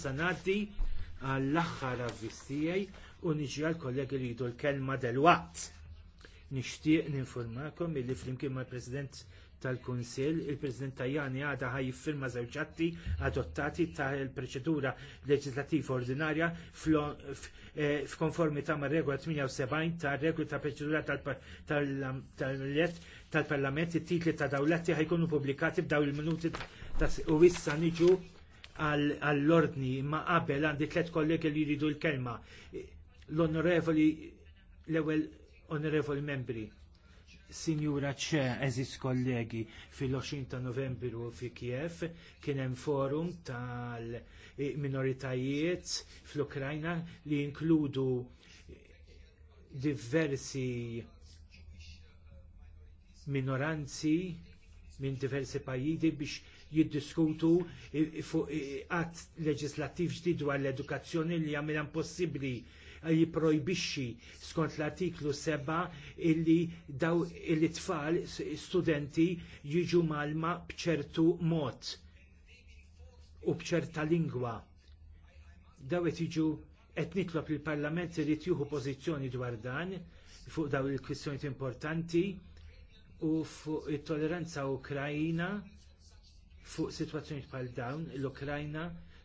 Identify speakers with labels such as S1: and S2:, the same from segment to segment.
S1: Sanati għall aħħar avvistijaj u niġi għal-kollegi li jidu l-kelma del-waqt. Nishtiq ninformakom illi flimkien mal president tal-Kunsil, il-President Tajani għada ħaj firma zewġatti adottati tal-proċedura leġislativa ordinarja eh, f'konformità mar regola 78 tar regola ta' proċedura tal-let tal-Parlament, it-titli ta' dawletti ħajkunu pubblikati b'daw il-minuti u issa niġu għall-ordni ma qabel għandi tliet kollegi li jridu l-kelma. L-onorevoli l-ewwel onorevoli membri. Sinjura ċe, eżis kollegi, fil-20 ta' novembru fi Kiev kien hemm forum tal-minoritajiet fl-Ukrajna li jinkludu diversi minoranzi minn diversi pajjiżi biex jiddiskutu fuq għat leġislattiv ġdid dwar l-edukazzjoni li jagħmilha possibli eh, jipprojbixxi skont l-artiklu 7 illi daw il-tfal studenti jiġu malma bċertu mod u bċerta lingwa. Daw qed jiġu qed nitlob il-Parlament irid jieħu pożizzjoni dwar dan fuq daw il-kwistjonijiet importanti u fuq it-toleranza Ukrajina fuq sitwazzjoni bħal dawn l-Ukrajna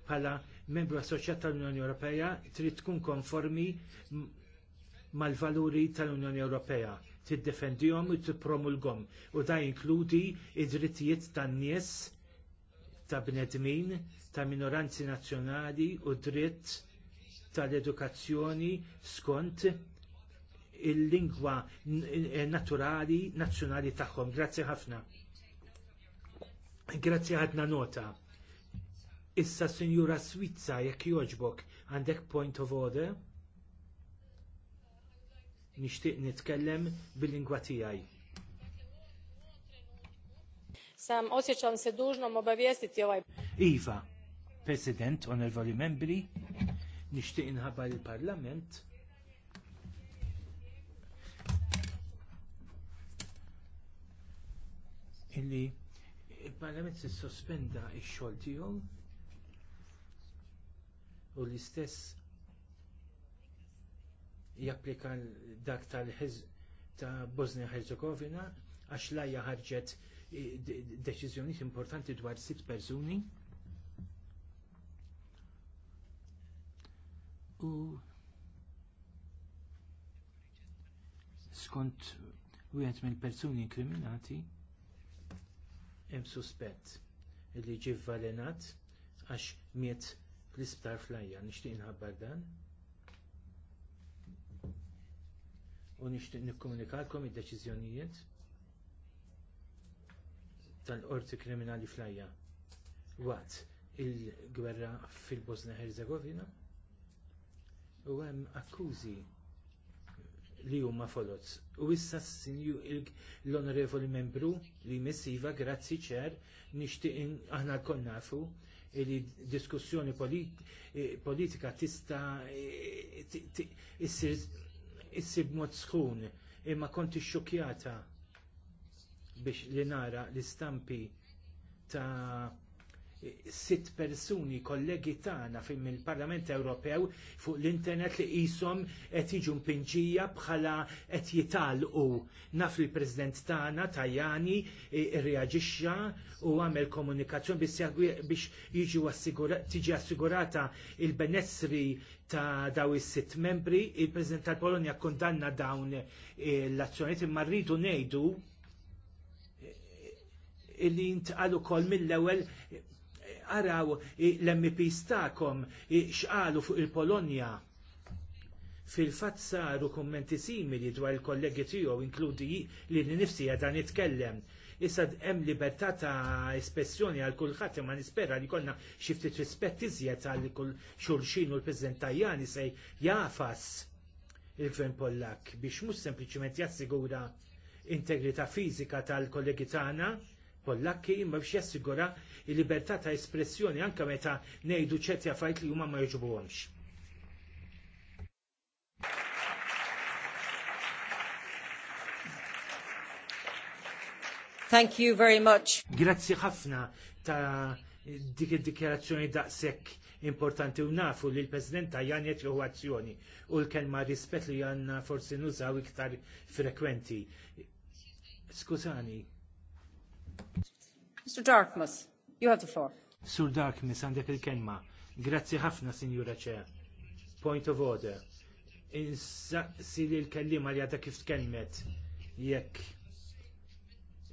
S1: bħala membru assoċjat tal-Unjoni Ewropea trid tkun konformi mal-valuri tal-Unjoni Ewropea tiddefendihom u tippromulgom u da jinkludi id-drittijiet tan-nies ta' bnedmin, ta' minoranzi nazzjonali u dritt tal-edukazzjoni skont il-lingwa naturali, nazzjonali tagħhom. Grazzi ħafna. Grazzi ħadna nota. Issa Sinjura Swizza jekk jogħġbok, għandek point of order? Nixtieq nitkellem bil-lingwa tiegħi. Sam osjećam se dužnom bavjesti ovaj... Iva, President, Honorable membri, nixtieq inħabbar il-Parlament illi il-Parlament sospenda x-xogħol tiegħu u l-istess japplika dak tal-ħizb ta' Bosnia Herzegovina għax lajja ħarġet eh, deċiżjonijiet importanti dwar sitt persuni. U skont wieħed mill-persuni inkriminati hemm suspett li ġie vvalenat għax miet l-isptar flajja nixtieq inħabbar dan. U nixtieq nikkomunikalkom id-deċiżjonijiet tal-qorti kriminali flajja waqt il-gwerra fil-Bosna Herzegovina u hemm akkużi li huma folots. U issa l-onorevoli membru li missiva, grazzi ċer, nixtieq aħna lkoll nafu li diskussjoni eh, politika tista eh, issib b'mod sħun imma konti xokjata biex li nara l-istampi ta' sitt persuni kollegi tagħna fim mill-Parlament Ewropew fuq l-internet li qishom qed jiġu mpinġija bħala qed jitalqu. Naf li l-President tagħna Tajani irreaġixxa u għamel komunikazzjoni biex jiġu tiġi assigurata l benessri ta' daw is-sitt membri, il-President tal-Polonja kondanna dawn l-azzjonijiet imma rridu ngħidu li jintqalu kol mill ewwel araw l-MP stakom xqalu fuq il-Polonja. Fil-fatt saru kummenti simili dwar il-kollegi tiegħu inkludi li nifsi għadha nitkellem. Issa hemm libertà ta' espressjoni għal kulħadd imma nispera li konna xi ftit rispett iżjed għal kull xulxin u l-President Tajani se jafas il-Gvern Pollak biex mhux sempliċement jassigura integrità fiżika tal-kollegi tagħna Kollakki imma biex jassigura il-libertà ta' espressjoni anke meta ngħidu ċetja fajt li huma ma jogħġbuhomx. Thank you very much. Grazzi ħafna ta' dik id-dikjarazzjoni daqshekk importanti u nafu li l-President Tajjan jett l azzjoni u l-kelma rispett li għandna forsi nużaw iktar frekwenti. Skużani, Mr. Dartmouth, you have the floor. Sur Darkmas, għandek il-kelma. Grazzi ħafna, Signora Chair. Point of order. Insaqsi li l-kellima li għadha kif tkellmet jekk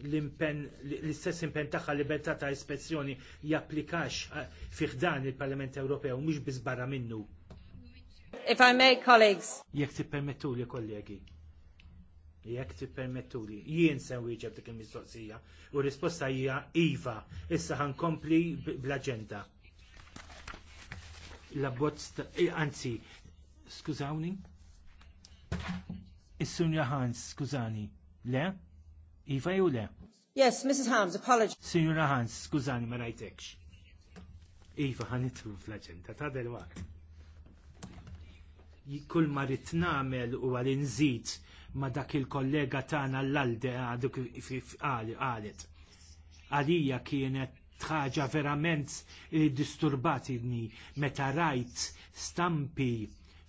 S1: l-impen, l-istess impen taħħa libertà ta' ispezzjoni japplikax eh, fiħdan il-Parlament Ewropew, mhux biss minnu. If I may, colleagues. Jekk permettu li kollegi jekk tippermettuli. Jien sen wieġeb dik il-mistoqsija u r risposta hija iva. Issa ħankompli bl-aġenda. L-abbozz eh, anzi, skużawni? Is-Sunja Hans, skużani. Le? Iva jew le? Yes, Mrs. Hans, apology. Signora Hans, skużani ma rajtekx. Iva ħan nitru fl-aġenda ta' del Kull ma rrit namel u għal-inżid ma dak il-kollega tagħna l-alde għaduk ah, għalet. Għalija kienet ħaġa verament eh, disturbatini meta rajt stampi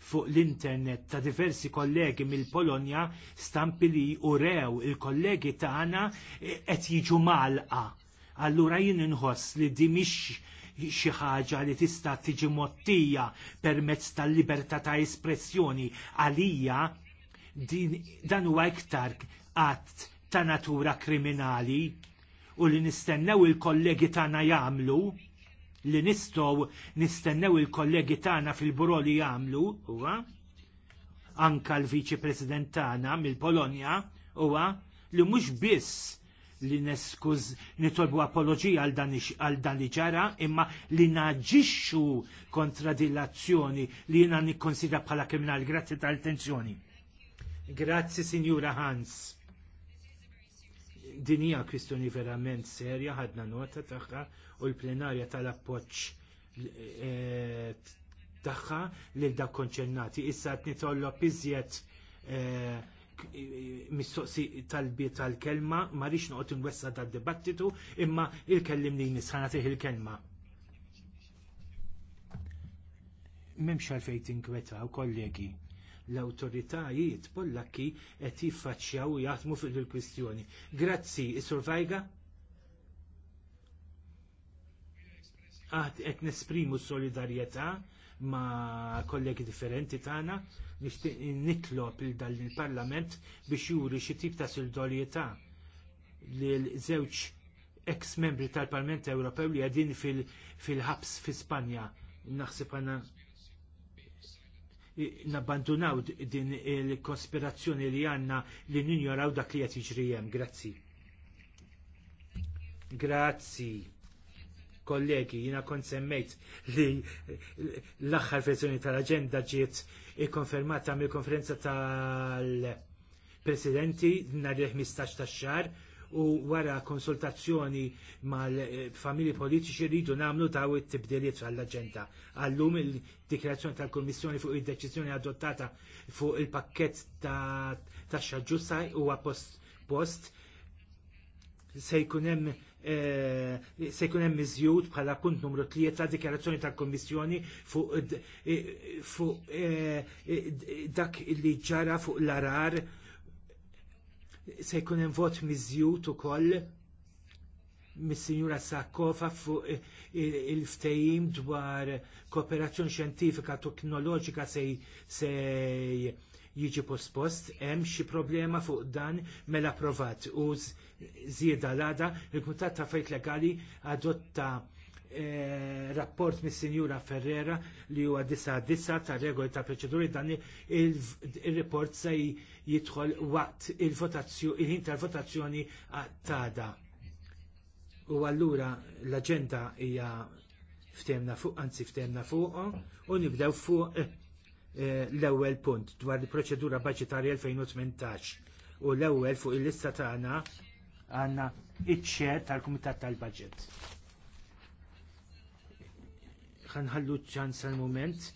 S1: fuq l-internet ta' diversi kollegi mill-Polonja stampi li urew il-kollegi tagħna eh, qed jiġu malqa. Allura jien inħoss li di mhix xi ħaġa li tista' tiġi mottija permezz tal-libertà ta' espressjoni għalija din dan huwa iktar qatt ta' natura kriminali u li nistennew il-kollegi tagħna jagħmlu li nistgħu nistennew il-kollegi tagħna fil-buro li jagħmlu huwa anka l-Viċi President tagħna mill-Polonja huwa li mhux biss li neskuż nitolbu apologija għal dan li ġara imma li naġixxu kontra li jina nikkonsidra bħala kriminali grazzi tal-attenzjoni. Grazzi, Sinjura Hans. Din hija kwistjoni verament serja, ħadna nota tagħha u l-plenarja tal-appoġġ eh, tagħha lil dak konċernati. Issa qed nitollob iżjed eh, mistoqsi talbi tal-kelma, ma rix noqgħod inwessa tad-dibattitu, imma il-kellimni nisħana tih il-kelma. Memx għalfejn tinkweta u kollegi l-awtoritajiet pollakki qed jiffaċċjaw u jaħdmu fuq il-kwistjoni. Grazzi, is-survajga? Qed nesprimu solidarjetà ma' kollegi differenti tagħna nixtieq nitlob il dan il-Parlament biex juri xi tip ta' solidarjetà lil żewġ ex-membri tal-Parlament Ewropew li għadin fil-ħabs fi Spanja. Naħseb nabbandunaw din il-konspirazzjoni li għanna li ninjoraw dak li qed jiġri Grazzi. Grazzi. Kollegi, jina kont semmejt li l-aħħar verżjoni tal-aġenda ġiet ikkonfermata mill-konferenza tal-presidenti nhar il-15 tax-xahar u wara konsultazzjoni mal-familji politiċi rridu namlu daw it-tibdiliet għall-agenda. għallum il-dikrazzjoni tal-Kommissjoni fuq id-deċiżjoni adottata fuq il-pakket ta' taxxa u huwa post eh, se jkun hemm miżjud bħala punt numru tliet ta' dikjarazzjoni tal-Kommissjoni fuq eh, eh, dak li ġara fuq l-arar se jkun hemm vot miżjud ukoll mis-Sinjura Sakkofa fuq il-ftehim dwar kooperazzjoni xjentifika teknoloġika se jiġi pospost, hemm xi problema fuq dan mela approvat u żieda l-għada il kuntat ta' fejk Legali adotta Eh, rapport mis sinjura Ferrera li huwa disa disa ta' regoli ta' proċeduri dan il-report se jidħol waqt il-ħin tal-votazzjoni għattada. U allura l-agenda hija ftemna fuq, anzi ftemna fuq, u nibdew fuq eh, eh, l-ewwel punt dwar il-proċedura budgetarja 2018 u l-ewwel fuq il-lista tagħna għandna iċ-ċer tal-Kumitat tal-Budget ħanħallu ċans għal-moment